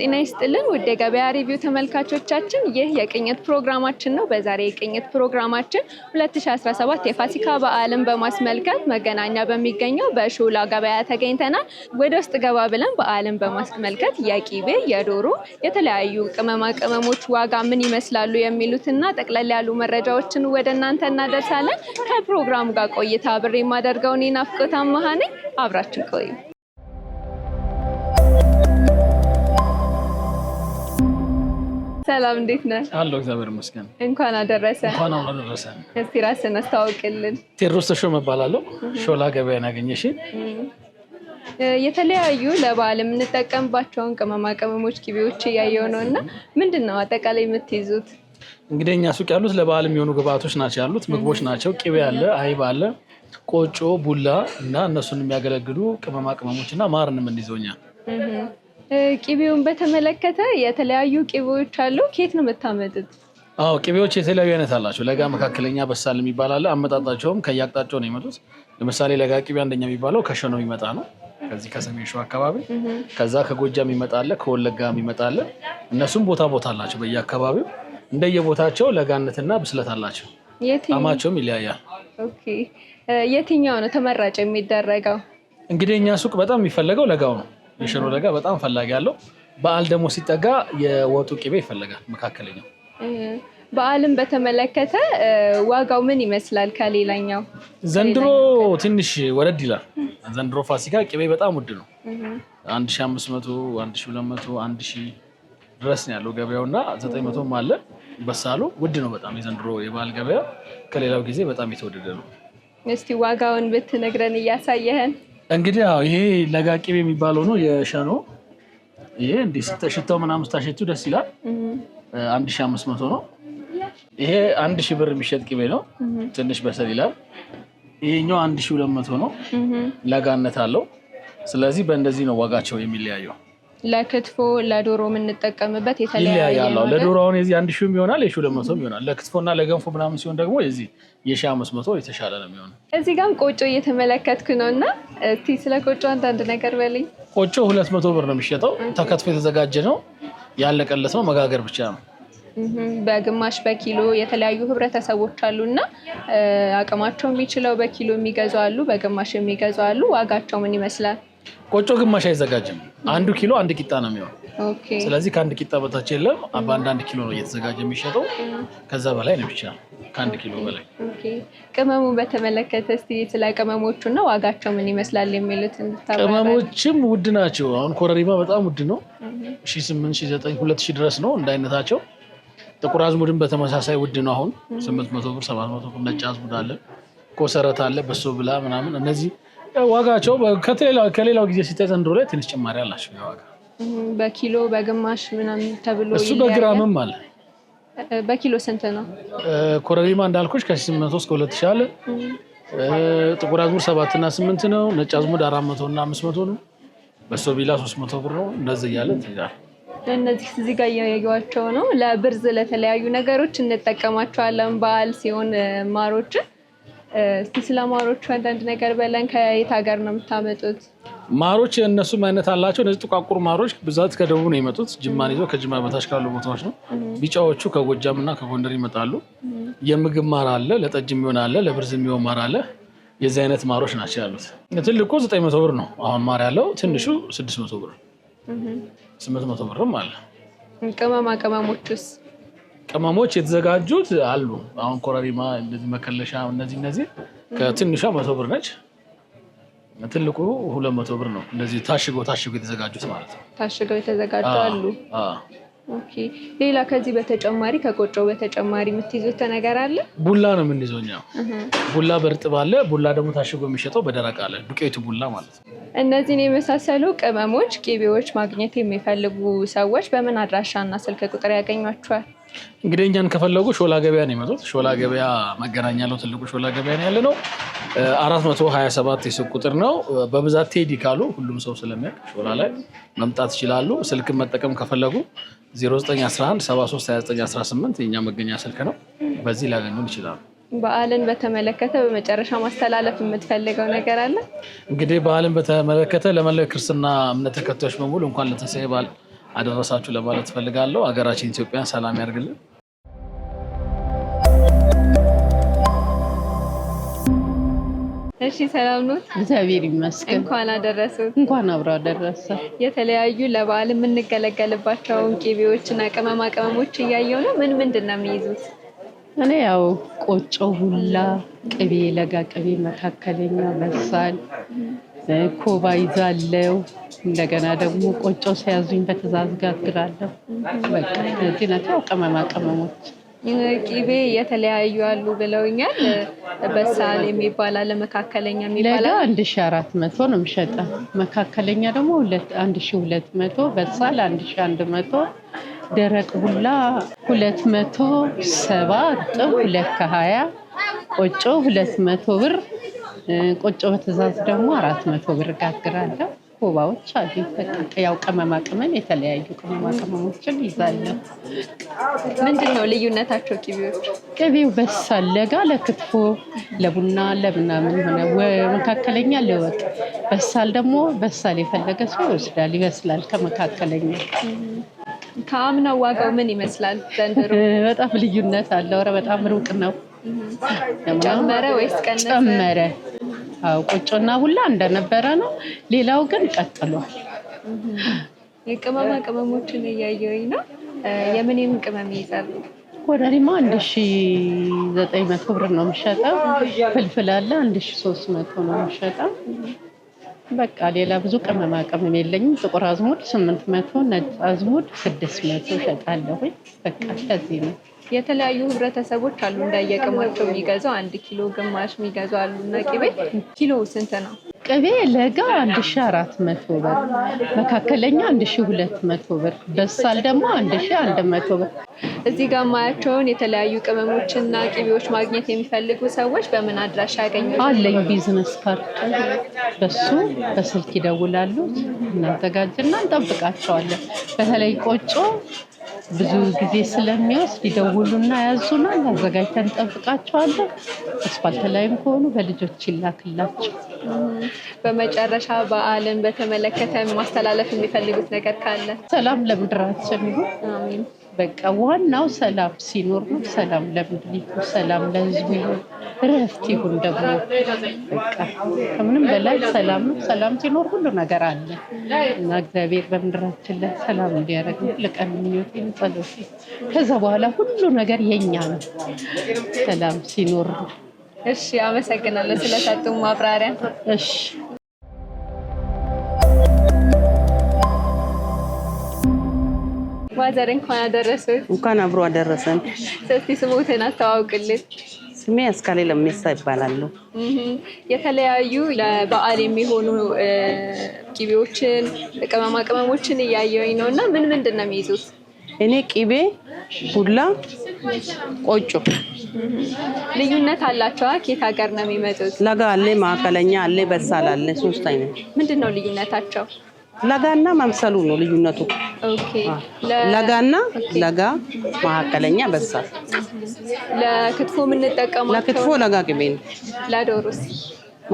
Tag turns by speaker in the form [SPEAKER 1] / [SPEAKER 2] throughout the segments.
[SPEAKER 1] ጤና ይስጥልን ውድ የገበያ ሪቪው ተመልካቾቻችን፣ ይህ የቅኝት ፕሮግራማችን ነው። በዛሬ የቅኝት ፕሮግራማችን 2017 የፋሲካ በዓልን በማስመልከት መገናኛ በሚገኘው በሾላ ገበያ ተገኝተናል። ወደ ውስጥ ገባ ብለን በዓልን በማስመልከት የቂቤ፣ የዶሮ፣ የተለያዩ ቅመማ ቅመሞች ዋጋ ምን ይመስላሉ የሚሉትና ጠቅለል ያሉ መረጃዎችን ወደ እናንተ እናደርሳለን። ከፕሮግራሙ ጋር ቆይታ ብሬ የማደርገውን ናፍቆት አማሃ አብራችን ቆዩ። ሰላም እንዴት ነህ?
[SPEAKER 2] አለሁ እግዚአብሔር ይመስገን።
[SPEAKER 1] እንኳን አደረሰ።
[SPEAKER 2] እንኳን አሁን አደረሰ።
[SPEAKER 1] እስቲ ራስን አስተዋውቅልን።
[SPEAKER 2] ቴድሮስ ተሾመ እባላለሁ። ሾላ ገበያን ያገኘሽኝ።
[SPEAKER 1] የተለያዩ ለበዓል የምንጠቀምባቸውን ቅመማ ቅመሞች፣ ቅቤዎች እያየው ነው እና ምንድን ነው አጠቃላይ የምትይዙት?
[SPEAKER 2] እንግዲህ እኛ ሱቅ ያሉት ለበዓል የሚሆኑ ግብአቶች ናቸው ያሉት ምግቦች ናቸው። ቅቤ አለ፣ አይብ አለ፣ ቆጮ፣ ቡላ እና እነሱን የሚያገለግሉ ቅመማ ቅመሞች እና ማርን የምንይዘው
[SPEAKER 1] ቂቤውን በተመለከተ የተለያዩ ቂቤዎች አሉ። ኬት ነው የምታመጡት?
[SPEAKER 2] አዎ ቅቤዎች የተለያዩ አይነት አላቸው። ለጋ፣ መካከለኛ፣ በሳል የሚባል አለ። አመጣጣቸውም ከየአቅጣጫው ነው የመጡት። ለምሳሌ ለጋ ቅቤ አንደኛ የሚባለው ከሸኖ የሚመጣ ነው፣ ከዚህ ከሰሜን ሸዋ አካባቢ። ከዛ ከጎጃ የሚመጣለ ከወለጋ የሚመጣለ። እነሱም ቦታ ቦታ አላቸው በየአካባቢው። እንደየቦታቸው ለጋነትና ብስለት አላቸው፣ አማቸውም ይለያያል።
[SPEAKER 1] የትኛው ነው ተመራጭ የሚደረገው?
[SPEAKER 2] እንግዲህ እኛ ሱቅ በጣም የሚፈለገው ለጋው ነው የሽሮ ደጋ በጣም ፈላጊ አለው። በዓል ደግሞ ሲጠጋ የወጡ ቅቤ ይፈለጋል መካከለኛው።
[SPEAKER 1] በዓልም በተመለከተ ዋጋው ምን ይመስላል ከሌላኛው?
[SPEAKER 2] ዘንድሮ ትንሽ ወረድ ይላል። ዘንድሮ ፋሲካ ቅቤ በጣም ውድ ነው። አንድ ሺህ መቶ ድረስ ነው ያለው ገበያው እና 900 መቶም አለ። በሳሉ ውድ ነው በጣም የዘንድሮ የበዓል ገበያ ከሌላው ጊዜ በጣም የተወደደ ነው።
[SPEAKER 1] እስቲ ዋጋውን ብትነግረን እያሳየህን
[SPEAKER 2] እንግዲህ ያው ይሄ ለጋቂብ የሚባለው ነው የሸኖ ይሄ እንዲህ ስተሽተው ምናምን ስታሸቱ ደስ ይላል። አንድ ሺ አምስት መቶ ነው። ይሄ አንድ ሺ ብር የሚሸጥ ቅቤ ነው። ትንሽ በሰል ይላል። ይሄኛው አንድ ሺ ሁለት መቶ ነው። ለጋነት አለው። ስለዚህ በእንደዚህ ነው ዋጋቸው የሚለያየው።
[SPEAKER 1] ለክትፎ ለዶሮ የምንጠቀምበት
[SPEAKER 2] የተለያየ ለዶሮ አሁን የዚህ አንድ ሺህም ይሆናል የሺህ ሁለት መቶም ይሆናል። ለክትፎ እና ለገንፎ ምናምን ሲሆን ደግሞ የዚህ የሺህ አምስት መቶ የተሻለ ነው የሚሆነ።
[SPEAKER 1] እዚህ ጋም ቆጮ እየተመለከትክ ነው እና እስቲ ስለ ቆጮ አንዳንድ ነገር በልኝ።
[SPEAKER 2] ቆጮ ሁለት መቶ ብር ነው የሚሸጠው። ተከትፎ የተዘጋጀ ነው፣ ያለቀለት ነው፣ መጋገር ብቻ ነው።
[SPEAKER 1] በግማሽ በኪሎ የተለያዩ ህብረተሰቦች አሉ እና አቅማቸው የሚችለው በኪሎ የሚገዙ አሉ፣ በግማሽ የሚገዙ አሉ። ዋጋቸው ምን ይመስላል?
[SPEAKER 2] ቆጮ ግማሽ አይዘጋጅም። አንዱ ኪሎ አንድ ቂጣ ነው የሚሆን። ስለዚህ ከአንድ ቂጣ በታች የለም። በአንዳንድ ኪሎ ነው እየተዘጋጀ የሚሸጠው። ከዛ በላይ ነው ብቻ ከአንድ ኪሎ በላይ።
[SPEAKER 1] ቅመሙ በተመለከተ እስኪ ስለ ቅመሞቹ እና ዋጋቸው ምን ይመስላል የሚሉት
[SPEAKER 2] ቅመሞችም ውድ ናቸው። አሁን ኮረሪማ በጣም ውድ ነው፣ ሺ ስምንት ሺ ዘጠኝ ሁለት ሺ ድረስ ነው እንደ አይነታቸው። ጥቁር አዝሙድን በተመሳሳይ ውድ ነው። አሁን ስምንት መቶ ብር ሰባት መቶ ብር ነጭ አዝሙድ አለ፣ ኮሰረት አለ፣ በሶ ብላ ምናምን እነዚህ ዋጋቸው ከሌላው ጊዜ ሲተዘንድሮ ላይ ትንሽ ጭማሪ አላቸው። ዋጋ
[SPEAKER 1] በኪሎ በግማሽ ምናምን ተብሎ
[SPEAKER 2] እሱ በግራምም አለ።
[SPEAKER 1] በኪሎ ስንት ነው?
[SPEAKER 2] ኮረሪማ እንዳልኩሽ ከ800 እስከ 2000 አለ። ጥቁር አዝሙድ ሰባት እና ስምንት ነው። ነጭ አዝሙድ አራት መቶ እና አምስት መቶ ነው። በሶ ቢላ ሶስት መቶ ብር ነው። እንደዚህ እያለ ትይዛል።
[SPEAKER 1] እነዚህ እዚህ ጋር እያየኋቸው ነው። ለብርዝ ለተለያዩ ነገሮች እንጠቀማቸዋለን። በዓል ሲሆን ማሮችን እስቲ ስለ ማሮቹ አንዳንድ ነገር በለን። ከየት ሀገር ነው የምታመጡት?
[SPEAKER 2] ማሮች የእነሱም አይነት አላቸው። እነዚህ ጥቋቁር ማሮች ብዛት ከደቡብ ነው የመጡት። ጅማን ይዘው ከጅማ በታች ካሉ ቦታዎች ነው። ቢጫዎቹ ከጎጃም እና ከጎንደር ይመጣሉ። የምግብ ማር አለ፣ ለጠጅ የሚሆን አለ፣ ለብርዝ የሚሆን ማር አለ። የዚህ አይነት ማሮች ናቸው ያሉት። ትልቁ ዘጠኝ መቶ ብር ነው አሁን ማር ያለው። ትንሹ ስድስት መቶ ብር ስምንት መቶ ብርም አለ።
[SPEAKER 1] ቅመማ ውስጥ
[SPEAKER 2] ቅመሞች የተዘጋጁት አሉ። አሁን ኮረሪማ፣ እንደዚህ መከለሻ፣ እነዚህ እነዚህ ከትንሿ መቶ ብር ነች። ትልቁ ሁለት መቶ ብር ነው። እንደዚህ ታሽገው ታሽገው የተዘጋጁት ማለት ነው።
[SPEAKER 1] ታሽገው የተዘጋጁ አሉ። ሌላ ከዚህ በተጨማሪ ከቆጮ በተጨማሪ የምትይዙት ነገር አለ?
[SPEAKER 2] ቡላ ነው የምንይዘው እኛ። ቡላ በእርጥብ አለ። ቡላ ደግሞ ታሽጎ የሚሸጠው በደረቅ አለ። ዱቄቱ ቡላ ማለት ነው።
[SPEAKER 1] እነዚህን የመሳሰሉ ቅመሞች፣ ቂቤዎች ማግኘት የሚፈልጉ ሰዎች በምን አድራሻ እና ስልክ ቁጥር ያገኟቸዋል?
[SPEAKER 2] እንግዲህ እኛን ከፈለጉ ሾላ ገበያ ነው የመጡት። ሾላ ገበያ መገናኛ ያለው ትልቁ ሾላ ገበያ ነው ያለ ነው። 427 መቶ ቁጥር ነው። በብዛት ቴዲ ካሉ ሁሉም ሰው ስለሚያውቅ ሾላ ላይ መምጣት ይችላሉ። ስልክን መጠቀም ከፈለጉ 0911732918 የኛ መገኛ ስልክ ነው። በዚህ ሊያገኙን ይችላሉ።
[SPEAKER 1] በዓልን በተመለከተ በመጨረሻ ማስተላለፍ የምትፈልገው ነገር አለ?
[SPEAKER 2] እንግዲህ በዓልን በተመለከተ ለመላው ክርስትና እምነት ተከታዮች በሙሉ እንኳን ለትንሳኤ በዓል አደረሳችሁ ለማለት ፈልጋለሁ። ሀገራችን ኢትዮጵያ ሰላም ያድርግልን።
[SPEAKER 1] እሺ ሰላም ኖት?
[SPEAKER 3] እግዚአብሔር ይመስገን።
[SPEAKER 1] እንኳን አደረሱት።
[SPEAKER 3] እንኳን አብሮ አደረሰ።
[SPEAKER 1] የተለያዩ ለበዓል የምንገለገልባቸውን እና ቅመማ ቅመሞች እያየው ነው። ምን ምንድን ነው የሚይዙት?
[SPEAKER 3] እኔ ያው ቆጮ፣ ሁላ፣ ቅቤ፣ ለጋ ቅቤ፣ መካከለኛ፣ በሳል፣ ኮባ ይዛለው እንደገና ደግሞ ቆጮ ሲያዙኝ በትዕዛዝ ጋግራለሁ። በቃ እነዚህ ናቸው ቅመማ ቅመሞች።
[SPEAKER 1] ቅቤ የተለያዩ አሉ ብለውኛል። በሳል የሚባል አለ፣ መካከለኛ
[SPEAKER 3] የሚባል አለ። አንድ ሺ አራት መቶ ነው የሚሸጠ። መካከለኛ ደግሞ አንድ ሺ ሁለት መቶ በሳል አንድ ሺ አንድ መቶ ደረቅ ቡላ ሁለት መቶ ሰባ ጥብ ሁለት ከሀያ ቆጮ ሁለት መቶ ብር ቆጮ በትእዛዝ ደግሞ አራት መቶ ብር ጋግራለሁ። ኮባዎች አሉ። ያው ቅመማ ቅመም የተለያዩ ቅመማ ቅመሞችን ይዛለ።
[SPEAKER 1] ምንድን ነው ልዩነታቸው? ቅቤዎች
[SPEAKER 3] ቅቤው በሳል ለጋ ለክትፎ፣ ለቡና፣ ለምናምን ሆነ መካከለኛ ለወጥ። በሳል ደግሞ በሳል የፈለገ ሰው ይወስዳል። ይበስላል ከመካከለኛ
[SPEAKER 1] ከአምናው ዋጋው ምን ይመስላል ዘንድሮ?
[SPEAKER 3] በጣም ልዩነት አለው። ኧረ በጣም ሩቅ ነው።
[SPEAKER 1] ጨመረ ወይስ ቀነሰ? ጨመረ
[SPEAKER 3] ቆጮና ሁላ እንደነበረ ነው። ሌላው ግን ቀጥሏል።
[SPEAKER 1] የቅመማ ቅመሞችን እያየሁኝ ነው። የምንም ቅመም ይይዛሉ?
[SPEAKER 3] ኮረሪማ አንድ ሺ ዘጠኝ መቶ ብር ነው የሚሸጠው። ፍልፍል አለ አንድ ሺ ሶስት መቶ ነው የሚሸጠው። በቃ ሌላ ብዙ ቅመማ ቅመም የለኝም። ጥቁር አዝሙድ ስምንት መቶ ነጭ አዝሙድ ስድስት መቶ እሸጣለሁኝ። በቃ ከዚህ ነው
[SPEAKER 1] የተለያዩ ህብረተሰቦች አሉ እንዳየቅማቸው የሚገዛው አንድ ኪሎ ግማሽ የሚገዙ አሉ። እና ቅቤ ኪሎ ስንት ነው?
[SPEAKER 3] ቅቤ ለጋ አንድ ሺ አራት መቶ ብር፣ መካከለኛ አንድ ሺ ሁለት መቶ ብር፣ በሳል ደግሞ አንድ ሺ አንድ መቶ ብር።
[SPEAKER 1] እዚህ ጋር ማያቸውን የተለያዩ ቅመሞችና ቅቤዎች ማግኘት የሚፈልጉ ሰዎች በምን አድራሻ ያገኙ?
[SPEAKER 3] አለኝ ቢዝነስ ካርድ፣ በሱ በስልክ ይደውላሉ፣ እናዘጋጅና እንጠብቃቸዋለን። በተለይ ቆጮ ብዙ ጊዜ ስለሚወስድ ይደውሉና ያዙናል። አዘጋጅተን እንጠብቃቸዋለን። አስፋልት ላይም ከሆኑ በልጆች ይላክላቸው።
[SPEAKER 1] በመጨረሻ በዓልን በተመለከተ ማስተላለፍ የሚፈልጉት ነገር ካለ
[SPEAKER 3] ሰላም ለምድራችን ይሁን። በቃ ዋናው ሰላም ሲኖር ነው። ሰላም ለምድሪቱ፣ ሰላም ለህዝቡ ይሁን፣ እረፍት ይሁን። ደግሞ በቃ ከምንም በላይ ሰላም ነው። ሰላም ሲኖር ሁሉ ነገር አለ እና እግዚአብሔር በምድራችን ላይ ሰላም እንዲያደርግ ልቀን ምኞቴ ከዛ በኋላ ሁሉ ነገር የኛ ነው፣ ሰላም ሲኖር ነው።
[SPEAKER 1] እሺ፣ አመሰግናለሁ ስለሰጡ ማብራሪያ። እሺ ማዘር እንኳን አደረሰን።
[SPEAKER 2] እንኳን አብሮ አደረሰን።
[SPEAKER 1] ሰፊ ስሙትን አስተዋውቅልን።
[SPEAKER 2] ስሜ አስካሌ ለሜሳ ይባላሉ። የተለያዩ ለበዓል የሚሆኑ ቂቤዎችን፣ ቅመማ ቅመሞችን እያየኝ ነው እና ምን ምንድን ነው የሚይዙት? እኔ ቂቤ፣ ቡላ፣ ቆጮ
[SPEAKER 1] ልዩነት አላቸዋ? ከየት ሀገር ነው የሚመጡት?
[SPEAKER 2] ለጋ አለ፣ ማዕከለኛ አለ፣ በሳል አለ። ሶስት አይነት
[SPEAKER 1] ምንድን ነው ልዩነታቸው?
[SPEAKER 2] ለጋና መምሰሉ ነው ልዩነቱ። ለጋና ለጋ መካከለኛ በዛ።
[SPEAKER 1] ለክትፎ የምንጠቀመው ለክትፎ ለጋ ቅቤ ነው። ለዶሮስ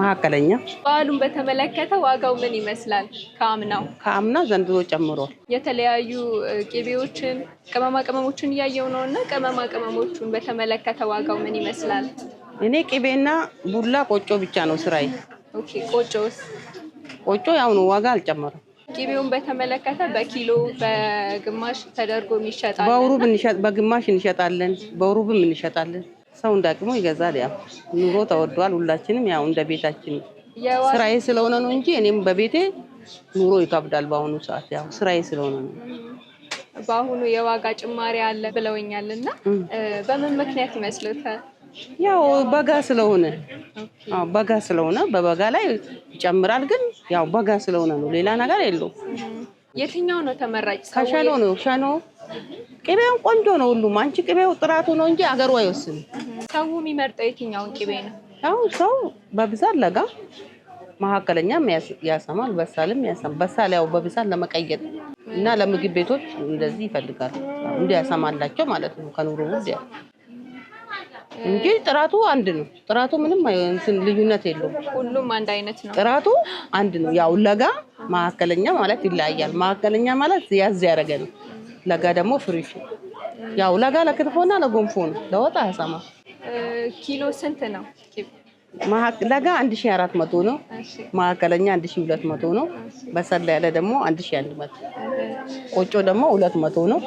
[SPEAKER 1] መካከለኛ። በዓሉን በተመለከተ ዋጋው ምን ይመስላል? ከአምናው ከአምና ዘንድሮ ጨምሯል። የተለያዩ ቅቤዎችን፣ ቅመማ ቅመሞችን እያየው ነው እና ቅመማ ቅመሞቹን በተመለከተ ዋጋው ምን ይመስላል?
[SPEAKER 2] እኔ ቅቤና ቡላ ቆጮ ብቻ ነው ስራዬ።
[SPEAKER 1] ቆጮ ቆጮ ያው ነው ዋጋ አልጨመረም። ቅቤውን በተመለከተ በኪሎ በግማሽ ተደርጎ ይሸጣል።
[SPEAKER 2] በሩብ በግማሽ እንሸጣለን፣ በሩብም እንሸጣለን። ሰው እንዳቅሙ ይገዛል። ያው ኑሮ ተወዷል። ሁላችንም ያው እንደ ቤታችን ስራዬ ስለሆነ ነው እንጂ እኔም በቤቴ ኑሮ ይከብዳል። በአሁኑ ሰዓት ያው ስራዬ ስለሆነ ነው።
[SPEAKER 1] በአሁኑ የዋጋ ጭማሪ አለ ብለውኛል እና በምን ምክንያት ይመስልታል?
[SPEAKER 2] ያው በጋ ስለሆነ አዎ በጋ ስለሆነ በበጋ ላይ ይጨምራል። ግን ያው በጋ ስለሆነ ነው፣ ሌላ ነገር የለውም።
[SPEAKER 1] የትኛው ነው ተመራጭ?
[SPEAKER 2] ከሸኖ ነው። ሸኖ ቅቤውን ቆንጆ ነው ሁሉም። አንቺ ቅቤው ጥራቱ ነው እንጂ አገሩ አይወስንም።
[SPEAKER 1] ሰው የሚመርጠው የትኛውን ቅቤ ነው?
[SPEAKER 2] ያው ሰው በብዛት ለጋ መካከለኛም ያሰማል፣ በሳልም ያሰማል። በሳል ያው በብዛት ለመቀየጥ እና ለምግብ ቤቶች እንደዚህ ይፈልጋል፣ እንዲያሰማላቸው ማለት ነው ከኑሮ ውድ እንጂ ጥራቱ አንድ ነው። ጥራቱ ምንም ልዩነት የለውም።
[SPEAKER 1] ሁሉም አንድ አይነት ነው።
[SPEAKER 2] ጥራቱ አንድ ነው። ያው ለጋ መካከለኛ ማለት ይለያያል። መካከለኛ ማለት ያዝ ያደረገ ነው። ለጋ ደግሞ ፍሪሽ። ያው ለጋ ለክትፎና ለጎንፎ ነው። ለወጥ አያሰማ።
[SPEAKER 1] ኪሎ ስንት ነው?
[SPEAKER 2] ለጋ አንድ አራት መቶ ነው። መካከለኛ አንድ ሺህ ሁለት መቶ ነው። በሰል ያለ ደግሞ አንድ አንድ መቶ ቆጮ ደግሞ ሁለት መቶ ነው።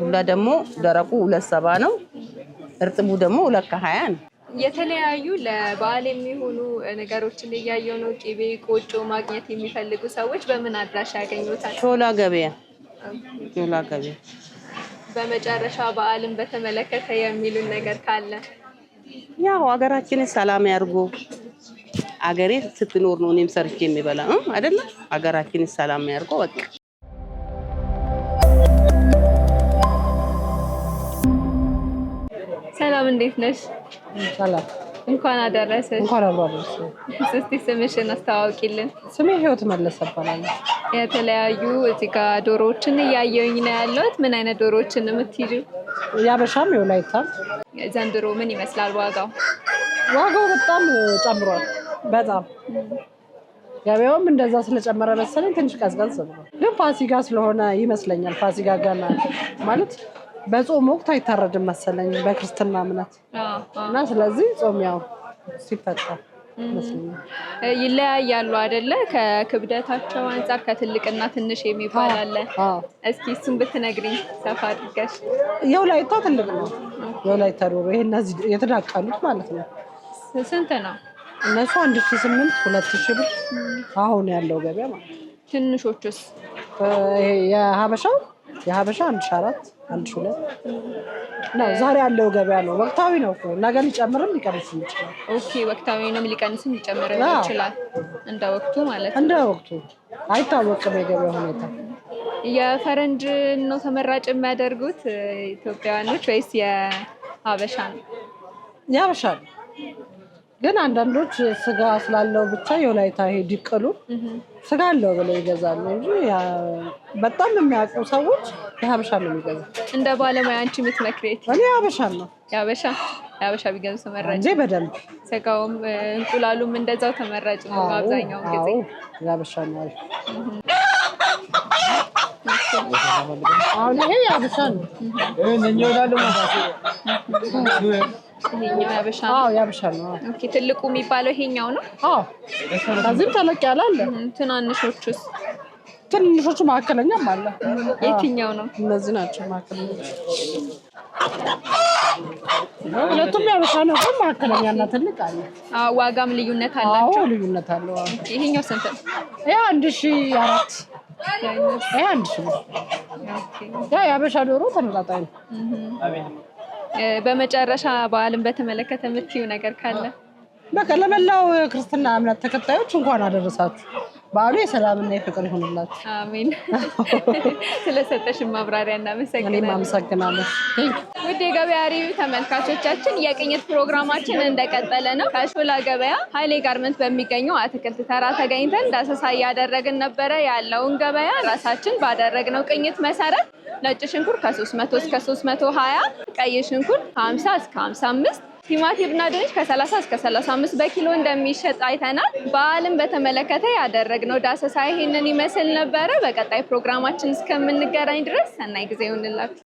[SPEAKER 2] ዱላ ደግሞ ደረቁ ሁለት ሰባ ነው። እርጥቡ ደግሞ ሁለት ከሀያ ነው።
[SPEAKER 1] የተለያዩ ለበዓል የሚሆኑ ነገሮችን እያየው ነው። ቂቤ፣ ቆጮ ማግኘት የሚፈልጉ ሰዎች በምን አድራሻ ያገኙታል?
[SPEAKER 2] ሾላ ገበያ ሾላ ገበያ።
[SPEAKER 1] በመጨረሻ በዓልን በተመለከተ የሚሉን ነገር ካለ?
[SPEAKER 2] ያው ሀገራችንን ሰላም ያድርጎ። አገሬ ስትኖር ነው እኔም ሰርቼ የሚበላ አይደለም። ሀገራችንን ሰላም ያርጎ። በቃ
[SPEAKER 1] እንዴት ነሽ? እንኳን አደረሰሽ።
[SPEAKER 2] እንኳን አብሮ አደረሰ።
[SPEAKER 1] እስቲ ስምሽን አስተዋውቂልን።
[SPEAKER 2] ስሜ ህይወት መለሰ እባላለሁ። የተለያዩ እዚህ ጋር ዶሮዎችን እያየሁኝ ነው ያለሁት። ምን አይነት ዶሮዎችን የምትይዙ? ያበሻም የወላይታም።
[SPEAKER 1] ዘንድሮ ምን ይመስላል ዋጋው?
[SPEAKER 2] ዋጋው በጣም ጨምሯል። በጣም ገበያውም እንደዛ ስለጨመረ መሰለኝ ትንሽ ቀዝቀዝ ብሎ፣ ግን ፋሲካ ስለሆነ ይመስለኛል ፋሲጋ ገና ማለት በጾም ወቅት አይታረድም መሰለኝ በክርስትና እምነት እና ስለዚህ ጾም ያው ሲፈጠር
[SPEAKER 1] ይለያያሉ አይደለ? ከክብደታቸው አንጻር ከትልቅና ትንሽ የሚባል አለ። እስኪ እሱን ብትነግሪኝ ሰፋ አድርገሽ።
[SPEAKER 2] የው ላይታ ትልቅ ነው፣ የው ላይታ ዶሮ። ይሄ እነዚህ የተዳቀሉት ማለት ነው። ስንት ነው እነሱ? አንድ ሺ ስምንት ሁለት ሺ ብር አሁን ያለው ገበያ ማለት።
[SPEAKER 1] ትንሾቹስ
[SPEAKER 2] የሀበሻው የሀበሻ አንድ ሺ አራት አንድ ሺ ሁለት ነው። ዛሬ ያለው ገበያ ነው። ወቅታዊ ነው እኮ ነገ ሊጨምርም ሊቀንስ ይችላል።
[SPEAKER 1] ወቅታዊ ነው፣ ሊቀንስም ሊጨምር ይችላል። እንደ ወቅቱ ማለት
[SPEAKER 2] ነው። እንደ ወቅቱ አይታወቅም የገበያ ሁኔታ።
[SPEAKER 1] የፈረንጅ ነው ተመራጭ የሚያደርጉት ኢትዮጵያውያኖች ወይስ የሀበሻ ነው?
[SPEAKER 2] የሀበሻ ነው። ግን አንዳንዶች ስጋ ስላለው ብቻ የወላይታ ሄድ ዲቅሉ ስጋ አለው ብለው ይገዛሉ እንጂ በጣም የሚያውቁ ሰዎች የሀበሻ ነው የሚገዛ።
[SPEAKER 1] እንደ ባለሙያ አንቺ የምትመክሬት?
[SPEAKER 2] እኔ ሀበሻ ነው
[SPEAKER 1] የሀበሻ የሀበሻ ቢገዙ ተመራጭ እንጂ በደንብ ስጋውም እንቁላሉም እንደዛው ተመራጭ ነው። አብዛኛውን ጊዜ የሀበሻ ነው።
[SPEAKER 2] አሁን ይሄ የሀበሻ ነው።
[SPEAKER 1] ይሄኛው ያበሻ ነው። አዎ ያበሻ ነው። ኦኬ ትልቁ የሚባለው ይሄኛው ነው።
[SPEAKER 2] አዎ ከዚህም ተለቅ ያለ አለ። ትናንሾቹስ? ትንንሾቹ መካከለኛም አለ።
[SPEAKER 1] የትኛው ነው?
[SPEAKER 2] እነዚህ ናቸው መካከለኞቹ። ሁለቱም ያበሻ ነው፣ ግን መካከለኛ እና ትልቅ አለ።
[SPEAKER 1] ዋጋም ልዩነት አላቸው። አዎ ልዩነት አለው። ይሄኛው ስንት ነው?
[SPEAKER 2] ያ አንድ ሺህ አራት ያ አንድ ሺህ ነው። ያ ያበሻ ዶሮ ተመጣጣኝ ነው።
[SPEAKER 1] በመጨረሻ በዓልን በተመለከተ የምትይው ነገር ካለ?
[SPEAKER 2] በቃ ለመላው ክርስትና እምነት ተከታዮች እንኳን አደረሳችሁ። በዓሉ የሰላምና የፍቅር ይሁንላችሁ።
[SPEAKER 1] አሜን። ስለሰጠሽ ማብራሪያ እናመሰግናለን።
[SPEAKER 2] እኔም አመሰግናለሁ።
[SPEAKER 1] ውድ የገበያ ሪቪው ተመልካቾቻችን የቅኝት ፕሮግራማችን እንደቀጠለ ነው። ከሾላ ገበያ ኃይሌ ጋርመንት በሚገኘው አትክልት ተራ ተገኝተን ዳሰሳ እያደረግን ነበረ። ያለውን ገበያ ራሳችን ባደረግነው ቅኝት መሰረት ነጭ ሽንኩርት ከ300 እስከ 320፣ ቀይ ሽንኩርት ከ50 እስከ 55፣ ቲማቲምና ድንች ከ30 እስከ 35 በኪሎ እንደሚሸጥ አይተናል። በዓልን በተመለከተ ያደረግነው ዳሰሳ ይሄንን ይመስል ነበረ። በቀጣይ ፕሮግራማችን እስከምንገናኝ ድረስ ሰናይ ጊዜ ይሁንላችሁ።